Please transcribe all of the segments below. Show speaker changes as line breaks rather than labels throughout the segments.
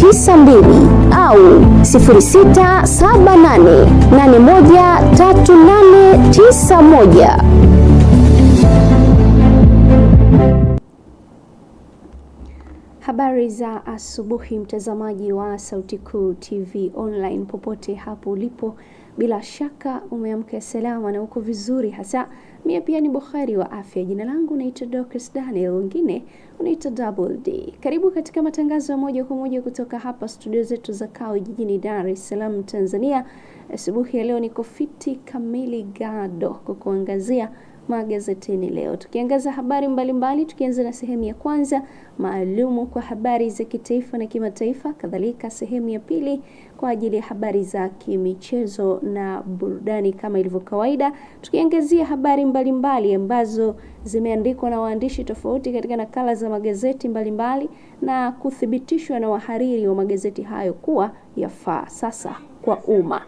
92 au 0678813891.
Habari za asubuhi, mtazamaji wa Sauti Kuu TV Online, popote hapo ulipo, bila shaka umeamka salama na uko vizuri hasa. Mie pia ni Bukhari wa afya, jina langu naitwa Dorcas Daniel, wengine unaitwa Double D. Karibu katika matangazo ya moja kwa moja kutoka hapa studio zetu za Kawe jijini Dar es Salaam, Tanzania. Asubuhi ya leo niko fiti kamili gado kwa kuangazia magazetini leo, tukiangaza habari mbalimbali, tukianza na sehemu ya kwanza maalumu kwa habari za kitaifa na kimataifa, kadhalika sehemu ya pili kwa ajili ya habari za kimichezo na burudani kama ilivyo kawaida, tukiangazia habari mbalimbali ambazo zimeandikwa na waandishi tofauti katika nakala za magazeti mbalimbali mbali, na kuthibitishwa na wahariri wa magazeti hayo kuwa yafaa sasa kwa umma.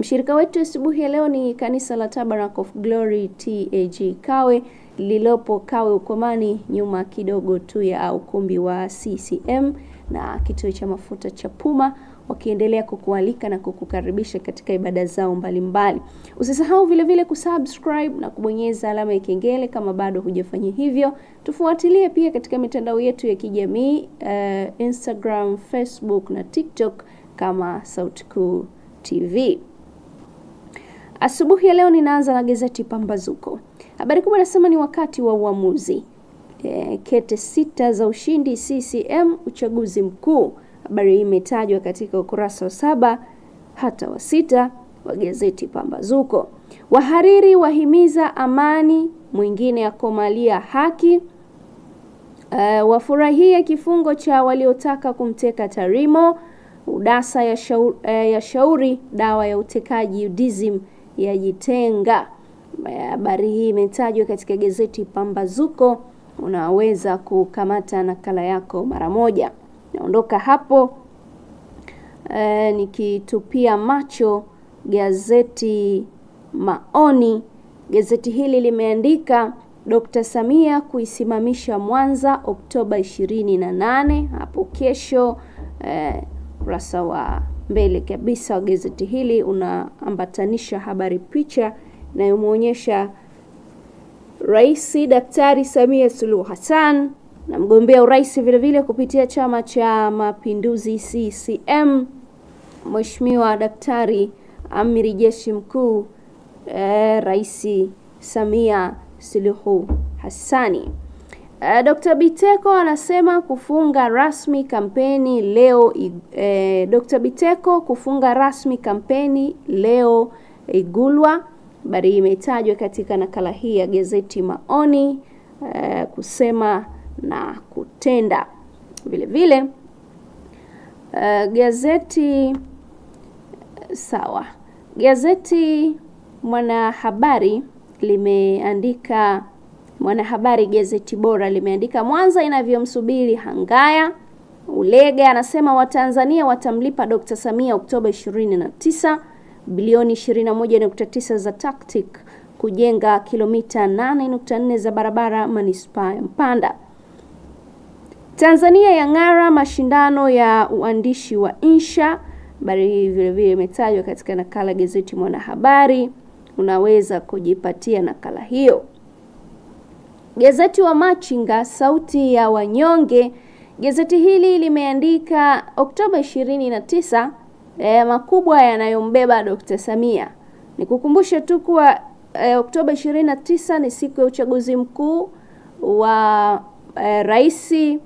Mshirika wetu asubuhi ya leo ni kanisa la Tabernacle of Glory TAG Kawe lililopo Kawe Ukomani, nyuma kidogo tu ya ukumbi wa CCM na kituo cha mafuta cha Puma wakiendelea kukualika na kukukaribisha katika ibada zao mbalimbali. Usisahau vilevile kusubscribe na kubonyeza alama ya kengele kama bado hujafanya hivyo. Tufuatilie pia katika mitandao yetu ya kijamii uh, Instagram, Facebook na TikTok kama Sauti Kuu TV. Asubuhi ya leo ninaanza na gazeti Pambazuko. Habari kubwa nasema ni wakati wa uamuzi. E, kete sita za ushindi CCM uchaguzi mkuu. Habari hii imetajwa katika ukurasa wa saba hata wa sita wa gazeti Pambazuko. Wahariri wahimiza amani, mwingine akomalia haki. Uh, eh, wafurahia kifungo cha waliotaka kumteka Tarimo. Udasa ya shauri, eh, ya shauri dawa ya utekaji UDSM yajitenga. Eh, habari hii imetajwa katika gazeti Pambazuko. Unaweza kukamata nakala yako mara moja. Naondoka hapo e, nikitupia macho gazeti Maoni. Gazeti hili limeandika Dkt. Samia kuisimamisha Mwanza Oktoba 28 hapo kesho. Eh, ukurasa e, wa mbele kabisa wa gazeti hili unaambatanisha habari picha inayomwonyesha Rais Daktari Samia Suluhu Hassan na mgombea urais vilevile kupitia Chama cha Mapinduzi CCM Mheshimiwa Daktari Amiri Jeshi Mkuu eh, Rais Samia Suluhu Hassani. Eh, Dr. Biteko anasema kufunga rasmi kampeni leo eh, Dr. Biteko kufunga rasmi kampeni leo Igulwa. Habari hii imetajwa katika nakala hii ya gazeti Maoni eh, kusema na kutenda. Vile vile uh, gazeti sawa, gazeti Mwanahabari limeandika Mwanahabari gazeti bora limeandika Mwanza inavyomsubiri Hangaya. Ulega anasema Watanzania watamlipa Dr. Samia Oktoba 29 bilioni 21.9 za tactic kujenga kilomita 8.4 za barabara manispaa ya Mpanda. Tanzania ya ngara mashindano ya uandishi wa insha. Habari hii vilevile imetajwa katika nakala gazeti Mwanahabari, unaweza kujipatia nakala hiyo. Gazeti wa Machinga, sauti ya wanyonge. Gazeti hili limeandika Oktoba 29 eh, makubwa yanayombeba Dr. Samia. Nikukumbushe tu kuwa eh, Oktoba 29 ni siku ya uchaguzi mkuu wa eh, raisi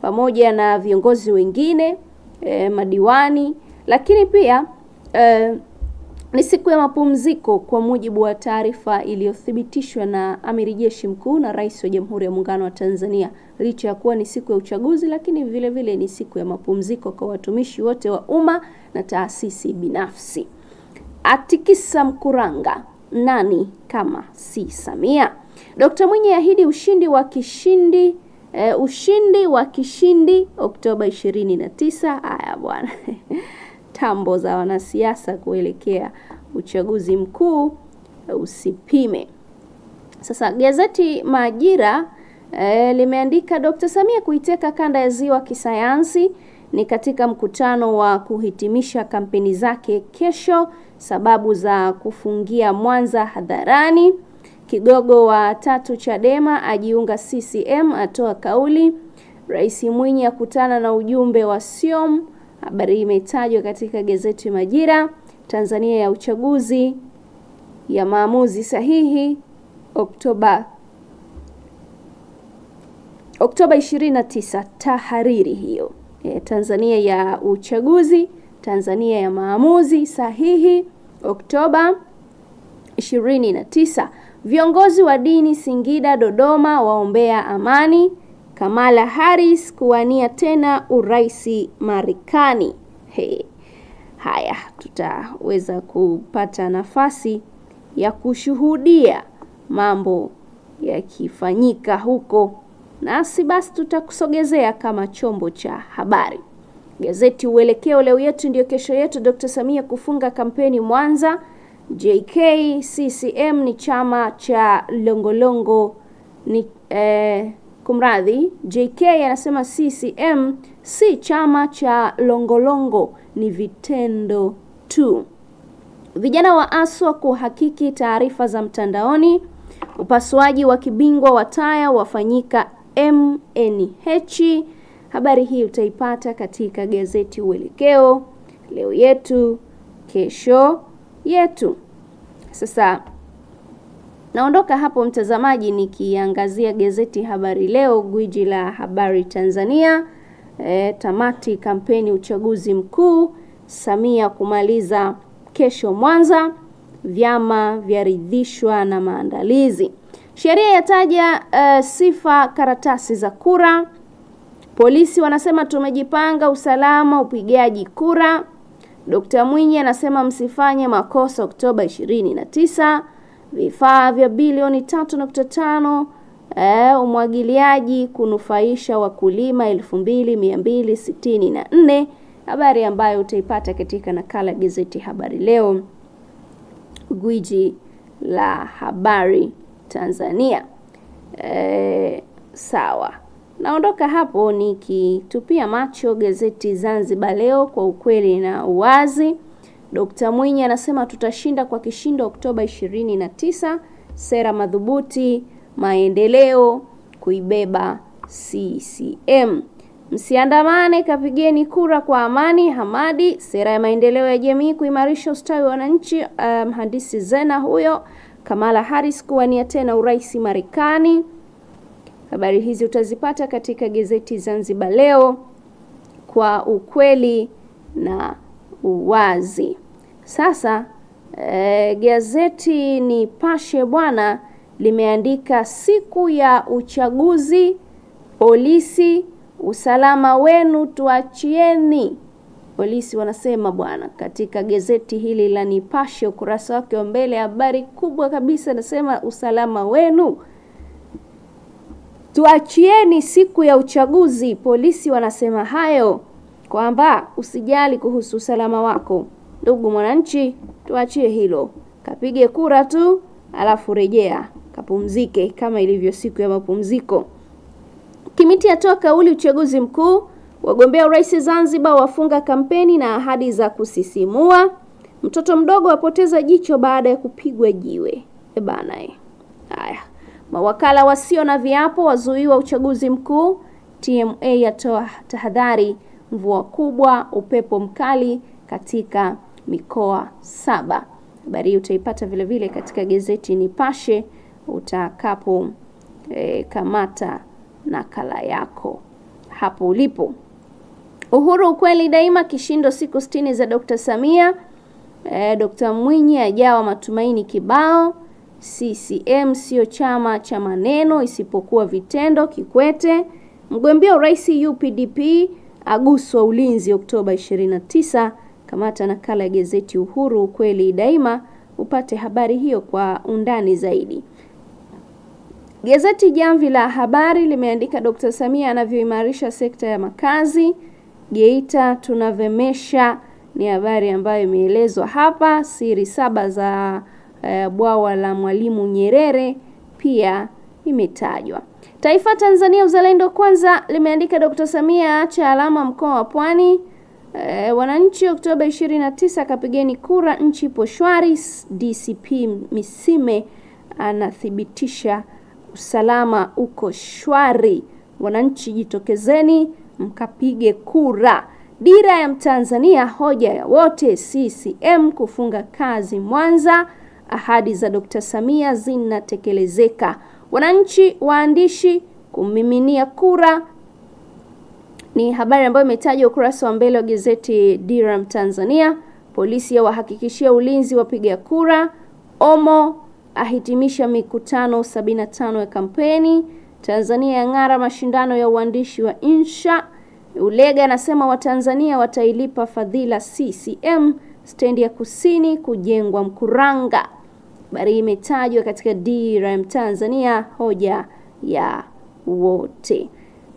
pamoja na viongozi wengine e, madiwani, lakini pia e, ni siku ya mapumziko kwa mujibu wa taarifa iliyothibitishwa na amiri jeshi mkuu na rais wa Jamhuri ya Muungano wa Tanzania. Licha ya kuwa ni siku ya uchaguzi, lakini vile vile ni siku ya mapumziko kwa watumishi wote wa umma na taasisi binafsi. Atikisa mkuranga nani kama si Samia? Dkt. Mwinyi ahidi ushindi wa kishindi e, ushindi wa kishindi Oktoba 29. Haya bwana tambo za wanasiasa kuelekea uchaguzi mkuu eh, usipime. Sasa gazeti Majira e, limeandika Dkt. Samia kuiteka kanda ya ziwa kisayansi ni katika mkutano wa kuhitimisha kampeni zake kesho, sababu za kufungia Mwanza hadharani. Kigogo wa tatu Chadema ajiunga CCM atoa kauli. Rais Mwinyi akutana na ujumbe wa SIOM. Habari imetajwa katika gazeti Majira. Tanzania ya uchaguzi ya maamuzi sahihi Oktoba Oktoba 29. Tahariri hiyo e, Tanzania ya uchaguzi, Tanzania ya maamuzi sahihi Oktoba 29. Viongozi wa dini Singida, Dodoma waombea amani. Kamala Harris kuwania tena uraisi Marekani. Hey. Haya, tutaweza kupata nafasi ya kushuhudia mambo yakifanyika huko, nasi basi tutakusogezea kama chombo cha habari. Gazeti Uelekeo, leo yetu ndio kesho yetu. Dr. Samia kufunga kampeni Mwanza. JK CCM ni chama cha Longolongo ni eh, kumradhi, JK anasema CCM si chama cha Longolongo, ni vitendo tu. Vijana wa ASWA kuhakiki taarifa za mtandaoni. Upasuaji wa kibingwa wa taya wafanyika MNH. Habari hii utaipata katika gazeti Uelekeo, Leo Yetu, kesho yetu. Sasa naondoka hapo mtazamaji, nikiangazia gazeti Habari Leo, gwiji la habari Tanzania. E, tamati kampeni uchaguzi mkuu, Samia kumaliza kesho Mwanza, vyama vyaridhishwa na maandalizi, sheria yataja e, sifa karatasi za kura, polisi wanasema tumejipanga, usalama upigaji kura Dr. Mwinyi anasema msifanye makosa Oktoba 29, vifaa vya bilioni 3.5 eh, umwagiliaji kunufaisha wakulima 2264, habari ambayo utaipata katika nakala gazeti Habari Leo, gwiji la habari Tanzania. Eh, sawa. Naondoka hapo nikitupia macho gazeti Zanzibar Leo, kwa ukweli na uwazi. Dkt. Mwinyi anasema tutashinda kwa kishindo Oktoba 29, sera madhubuti maendeleo kuibeba CCM. Msiandamane, kapigeni kura kwa amani. Hamadi, sera ya maendeleo ya jamii kuimarisha ustawi wa wananchi. Uh, mhandisi um, Zena huyo. Kamala Harris kuwania tena urais Marekani. Habari hizi utazipata katika gazeti Zanzibar Leo kwa ukweli na uwazi. Sasa e, gazeti Nipashe bwana limeandika siku ya uchaguzi, polisi usalama wenu tuachieni. Polisi wanasema bwana, katika gazeti hili la Nipashe ukurasa wake wa mbele, habari kubwa kabisa nasema usalama wenu tuachieni siku ya uchaguzi. Polisi wanasema hayo kwamba usijali kuhusu usalama wako. Ndugu mwananchi, tuachie hilo, kapige kura tu, alafu rejea kapumzike, kama ilivyo siku ya mapumziko. Kimiti atoa kauli uchaguzi mkuu. Wagombea urais Zanzibar wafunga kampeni na ahadi za kusisimua. Mtoto mdogo apoteza jicho baada ya kupigwa jiwe. E bana, haya. Mawakala wasio na viapo wazuiwa uchaguzi mkuu. TMA yatoa tahadhari mvua kubwa, upepo mkali katika mikoa saba. Habari hii utaipata vile vile katika gazeti Nipashe utakapo e, kamata nakala yako hapo ulipo. Uhuru ukweli daima, kishindo siku sitini za Dr. Samia. E, Dr. Mwinyi ajawa matumaini kibao. CCM sio chama cha maneno isipokuwa vitendo. Kikwete. Mgombea urais UPDP aguswa ulinzi Oktoba 29. Kamata nakala ya gazeti Uhuru, ukweli daima, upate habari hiyo kwa undani zaidi. Gazeti Jamvi la Habari limeandika Dkt. Samia anavyoimarisha sekta ya makazi Geita tunavemesha, ni habari ambayo imeelezwa hapa. Siri saba za eh, bwawa la Mwalimu Nyerere pia imetajwa. Taifa Tanzania Uzalendo Kwanza limeandika Dr. Samia acha alama mkoa wa Pwani. E, wananchi Oktoba 29 kapigeni kura, nchi ipo shwari. DCP Misime anathibitisha usalama uko shwari, wananchi jitokezeni mkapige kura. Dira ya Mtanzania hoja ya wote, CCM kufunga kazi Mwanza ahadi za Dkt. Samia zinatekelezeka. Wananchi waandishi kumiminia kura ni habari ambayo imetajwa ukurasa wa mbele wa gazeti Diram Tanzania. Polisi yawahakikishia ulinzi wapiga kura. Omo ahitimisha mikutano 75 ya kampeni. Tanzania yang'ara mashindano ya uandishi wa insha. Ulega anasema Watanzania watailipa fadhila CCM. Stendi ya Kusini kujengwa Mkuranga. Habari imetajwa katika drm Tanzania, hoja ya wote.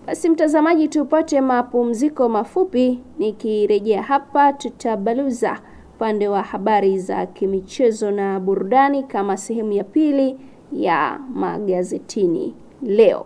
Basi mtazamaji, tupate mapumziko mafupi, nikirejea hapa tutabaluza upande wa habari za kimichezo na burudani kama sehemu ya pili ya magazetini leo.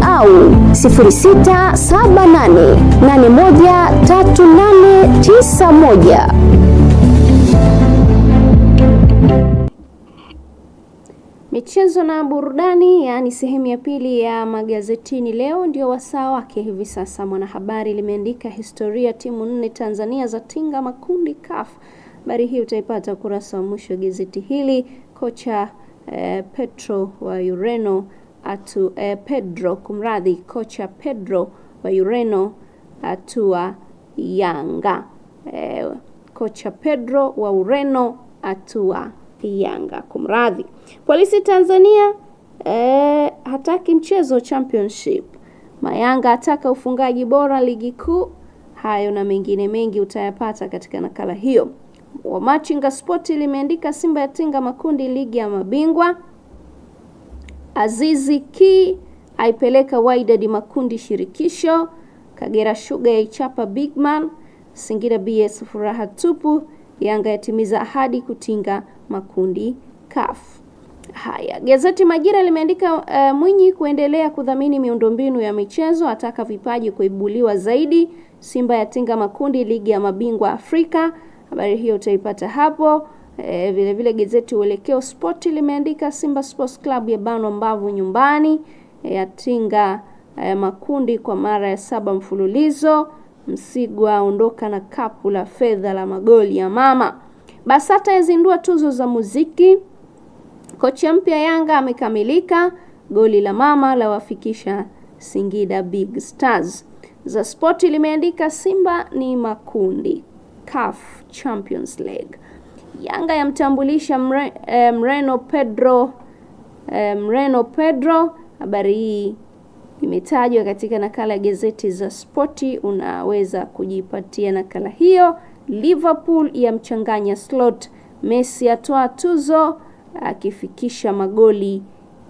au 0678813891.
Michezo na burudani, yaani sehemu ya pili ya magazetini leo, ndio wasaa wake hivi sasa. Mwanahabari limeandika historia timu nne Tanzania za tinga makundi CAF. Habari hii utaipata ukurasa wa mwisho wa gazeti hili. Kocha eh, Petro wa Ureno atu, eh, Pedro kumradhi, kocha Pedro wa Ureno atua Yanga. Eh, kocha Pedro wa Ureno atua Yanga, kumradhi. Polisi Tanzania eh, hataki mchezo championship. Mayanga ataka ufungaji bora ligi kuu. Hayo na mengine mengi utayapata katika nakala hiyo. Wamachinga Sport limeandika Simba yatinga makundi ligi ya mabingwa. Azizi Ki aipeleka Wydad makundi shirikisho. Kagera Sugar yaichapa Bigman. Singida BS furaha tupu. Yanga yatimiza ahadi kutinga makundi CAF. Haya, gazeti Majira limeandika uh, Mwinyi kuendelea kudhamini miundombinu ya michezo, ataka vipaji kuibuliwa zaidi. Simba yatinga makundi ligi ya mabingwa Afrika. Habari hiyo utaipata hapo. E, vile vile gazeti Uelekeo Spoti limeandika Simba Sports Club ya banwa mbavu nyumbani, e, yatinga e, makundi kwa mara ya saba mfululizo. Msigwa aondoka na kapu la fedha la magoli ya mama. Basata yazindua tuzo za muziki. Kocha mpya Yanga amekamilika. Goli la mama lawafikisha Singida Big Stars. Za Spoti limeandika Simba ni makundi CAF Champions League. Yanga yamtambulisha mre, eh, Mreno Pedro eh, Mreno Pedro. Habari hii imetajwa katika nakala ya gazeti za spoti, unaweza kujipatia nakala hiyo. Liverpool yamchanganya Slot, Messi atoa tuzo akifikisha magoli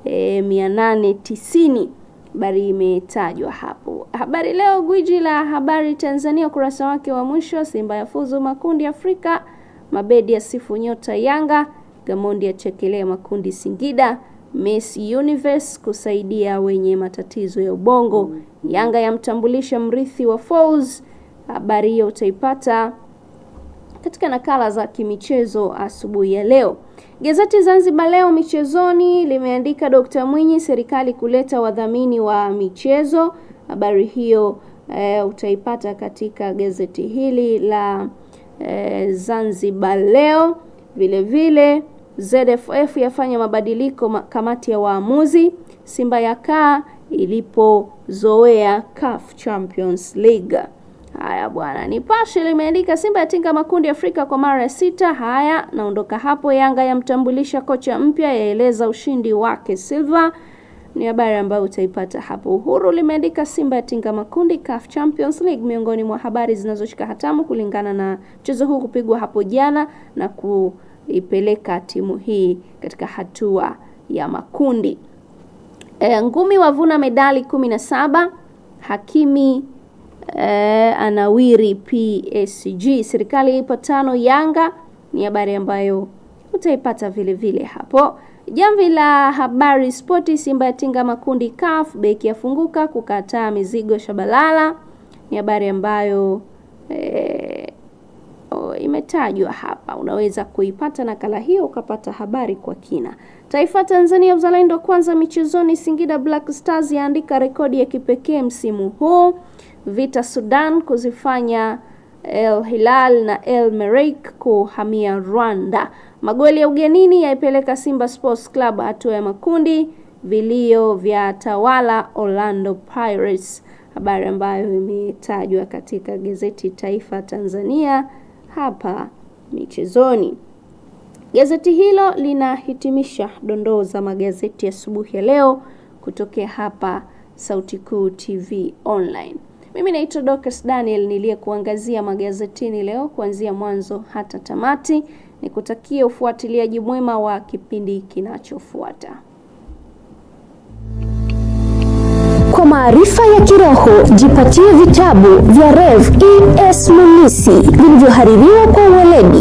eh, 890. Habari imetajwa hapo. Habari Leo, gwiji la habari Tanzania, ukurasa wake wa mwisho, Simba yafuzu makundi Afrika Mabedi sifu nyota Yanga, Gamondi achekelea makundi Singida, Miss Universe kusaidia wenye matatizo ya ubongo, Yanga yamtambulisha mrithi wa Folz. Habari hiyo utaipata katika nakala za kimichezo asubuhi ya leo. Gazeti Zanzibar Leo michezoni limeandika Dr. Mwinyi, serikali kuleta wadhamini wa michezo. Habari hiyo e, utaipata katika gazeti hili la E, Zanzibar Leo. Vilevile ZFF yafanya mabadiliko kamati ya waamuzi. Simba ya kaa ilipozoea CAF Champions League. Haya bwana, Nipashe limeandika Simba yatinga makundi Afrika kwa mara ya sita. Haya, naondoka hapo. Yanga yamtambulisha kocha mpya, yaeleza ushindi wake Silva ni habari ambayo utaipata hapo. Uhuru limeandika Simba yatinga makundi CAF Champions League, miongoni mwa habari zinazoshika hatamu kulingana na mchezo huu kupigwa hapo jana na kuipeleka timu hii katika hatua ya makundi. E, ngumi wavuna medali 17. Hakimi e, anawiri PSG. Serikali ipo tano Yanga ni habari ambayo utaipata vile vile hapo. Jamvi la habari spoti, Simba yatinga makundi CAF, beki yafunguka kukataa mizigo Shabalala, ni habari ambayo e, oh, imetajwa hapa. Unaweza kuipata nakala hiyo ukapata habari kwa kina. Taifa Tanzania uzalendo kwanza michezoni, Singida Black Stars yaandika rekodi ya kipekee msimu huu. Vita Sudan kuzifanya El Hilal na El Merreikh kuhamia Rwanda. Magoli ya ugenini yaipeleka Simba Sports Club hatua ya makundi. Vilio vya tawala Orlando Pirates, habari ambayo imetajwa katika gazeti Taifa Tanzania hapa michezoni. Gazeti hilo linahitimisha dondoo za magazeti asubuhi ya, ya leo kutokea hapa Sauti Kuu TV Online. Mimi naitwa Dorcas Daniel niliyekuangazia magazetini leo kuanzia mwanzo hata tamati. Nikutakie ufuatiliaji mwema wa kipindi kinachofuata.
Kwa maarifa ya kiroho jipatie vitabu vya Rev E.S. Munisi vilivyohaririwa kwa uweledi